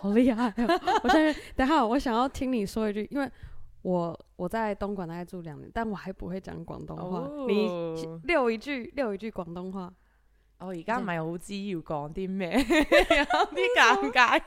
好厲害、啊！ 我想等下，我想要聽你說一句，因為我我在東莞大概住兩年，但我還不會講廣東話。哦、你溜一句溜一句廣東話。我而家唔係好知要講啲咩。嗯、 有啲尷尬。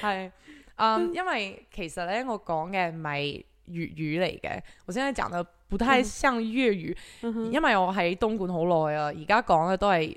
係、 嗯，嗯，嗯，因為其實咧我講嘅唔係粵語嚟嘅，我現在講得不太像粵語，嗯、哼因為我喺東莞好耐啦，而家講嘅都係。